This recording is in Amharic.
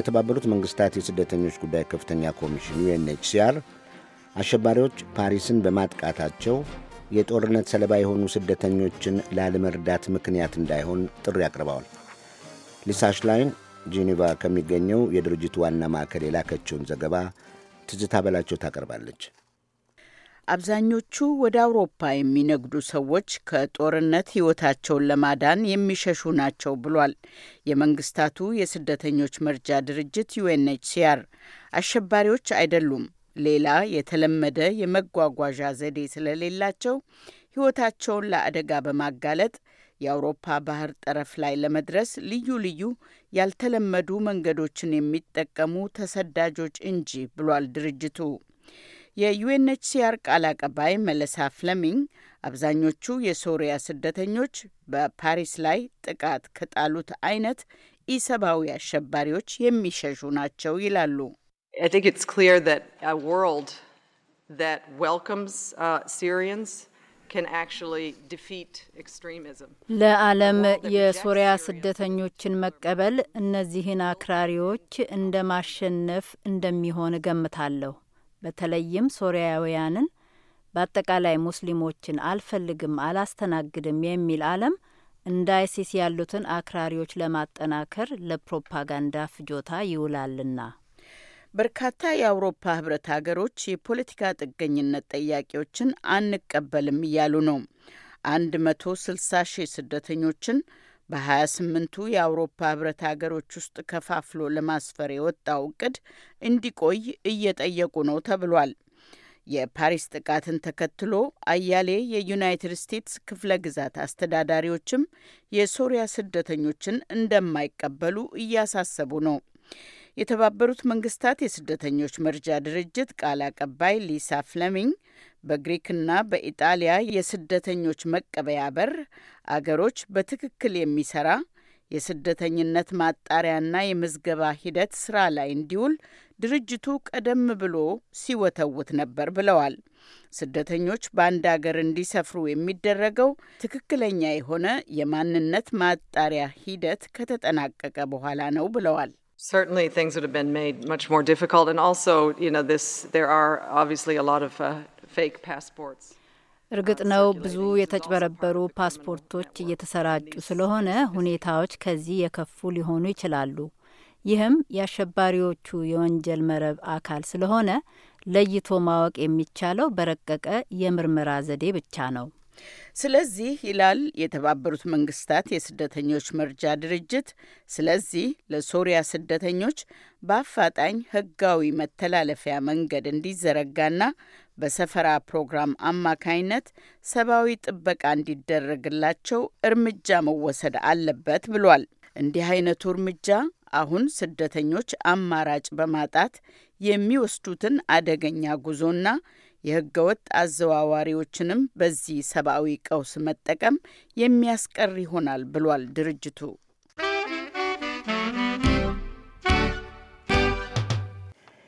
የተባበሩት መንግስታት የስደተኞች ጉዳይ ከፍተኛ ኮሚሽን ዩኤንኤችሲአር አሸባሪዎች ፓሪስን በማጥቃታቸው የጦርነት ሰለባ የሆኑ ስደተኞችን ላለመርዳት ምክንያት እንዳይሆን ጥሪ አቅርበዋል። ሊሳ ሽላይን ጄኔቫ ከሚገኘው የድርጅቱ ዋና ማዕከል የላከችውን ዘገባ ትዝታ በላቸው ታቀርባለች። አብዛኞቹ ወደ አውሮፓ የሚነግዱ ሰዎች ከጦርነት ሕይወታቸውን ለማዳን የሚሸሹ ናቸው ብሏል የመንግስታቱ የስደተኞች መርጃ ድርጅት ዩኤንኤችሲአር። አሸባሪዎች አይደሉም፣ ሌላ የተለመደ የመጓጓዣ ዘዴ ስለሌላቸው ሕይወታቸውን ለአደጋ በማጋለጥ የአውሮፓ ባህር ጠረፍ ላይ ለመድረስ ልዩ ልዩ ያልተለመዱ መንገዶችን የሚጠቀሙ ተሰዳጆች እንጂ ብሏል ድርጅቱ። የዩኤንኤችሲአር ቃል አቀባይ መለሳ ፍለሚንግ አብዛኞቹ የሶሪያ ስደተኞች በፓሪስ ላይ ጥቃት ከጣሉት አይነት ኢሰብአዊ አሸባሪዎች የሚሸሹ ናቸው ይላሉ። uh, ለዓለም የሶሪያ ስደተኞችን መቀበል እነዚህን አክራሪዎች እንደ ማሸነፍ እንደሚሆን እገምታለሁ። በተለይም ሶሪያውያንን በአጠቃላይ ሙስሊሞችን አልፈልግም፣ አላስተናግድም የሚል ዓለም እንደ አይሲስ ያሉትን አክራሪዎች ለማጠናከር ለፕሮፓጋንዳ ፍጆታ ይውላልና። በርካታ የአውሮፓ ህብረት ሀገሮች የፖለቲካ ጥገኝነት ጠያቂዎችን አንቀበልም እያሉ ነው። አንድ መቶ ስልሳ ሺህ ስደተኞችን በ28ቱ የአውሮፓ ህብረት ሀገሮች ውስጥ ከፋፍሎ ለማስፈር የወጣው እቅድ እንዲቆይ እየጠየቁ ነው ተብሏል። የፓሪስ ጥቃትን ተከትሎ አያሌ የዩናይትድ ስቴትስ ክፍለ ግዛት አስተዳዳሪዎችም የሶሪያ ስደተኞችን እንደማይቀበሉ እያሳሰቡ ነው። የተባበሩት መንግስታት የስደተኞች መርጃ ድርጅት ቃል አቀባይ ሊሳ ፍለሚንግ በግሪክና በኢጣሊያ የስደተኞች መቀበያ በር አገሮች በትክክል የሚሰራ የስደተኝነት ማጣሪያና የምዝገባ ሂደት ስራ ላይ እንዲውል ድርጅቱ ቀደም ብሎ ሲወተውት ነበር ብለዋል። ስደተኞች በአንድ አገር እንዲሰፍሩ የሚደረገው ትክክለኛ የሆነ የማንነት ማጣሪያ ሂደት ከተጠናቀቀ በኋላ ነው ብለዋል። Certainly, things would have been made much more difficult, and also, you know, this there are obviously a lot of uh, እርግጥ uh, ነው ብዙ የተጭበረበሩ ፓስፖርቶች እየተሰራጩ ስለሆነ ሁኔታዎች ከዚህ የከፉ ሊሆኑ ይችላሉ። ይህም የአሸባሪዎቹ የወንጀል መረብ አካል ስለሆነ ለይቶ ማወቅ የሚቻለው በረቀቀ የምርመራ ዘዴ ብቻ ነው። ስለዚህ ይላል የተባበሩት መንግስታት የስደተኞች መርጃ ድርጅት፣ ስለዚህ ለሶሪያ ስደተኞች በአፋጣኝ ህጋዊ መተላለፊያ መንገድ እንዲዘረጋና በሰፈራ ፕሮግራም አማካይነት ሰብአዊ ጥበቃ እንዲደረግላቸው እርምጃ መወሰድ አለበት ብሏል። እንዲህ አይነቱ እርምጃ አሁን ስደተኞች አማራጭ በማጣት የሚወስዱትን አደገኛ ጉዞና የህገወጥ አዘዋዋሪዎችንም በዚህ ሰብአዊ ቀውስ መጠቀም የሚያስቀር ይሆናል ብሏል ድርጅቱ።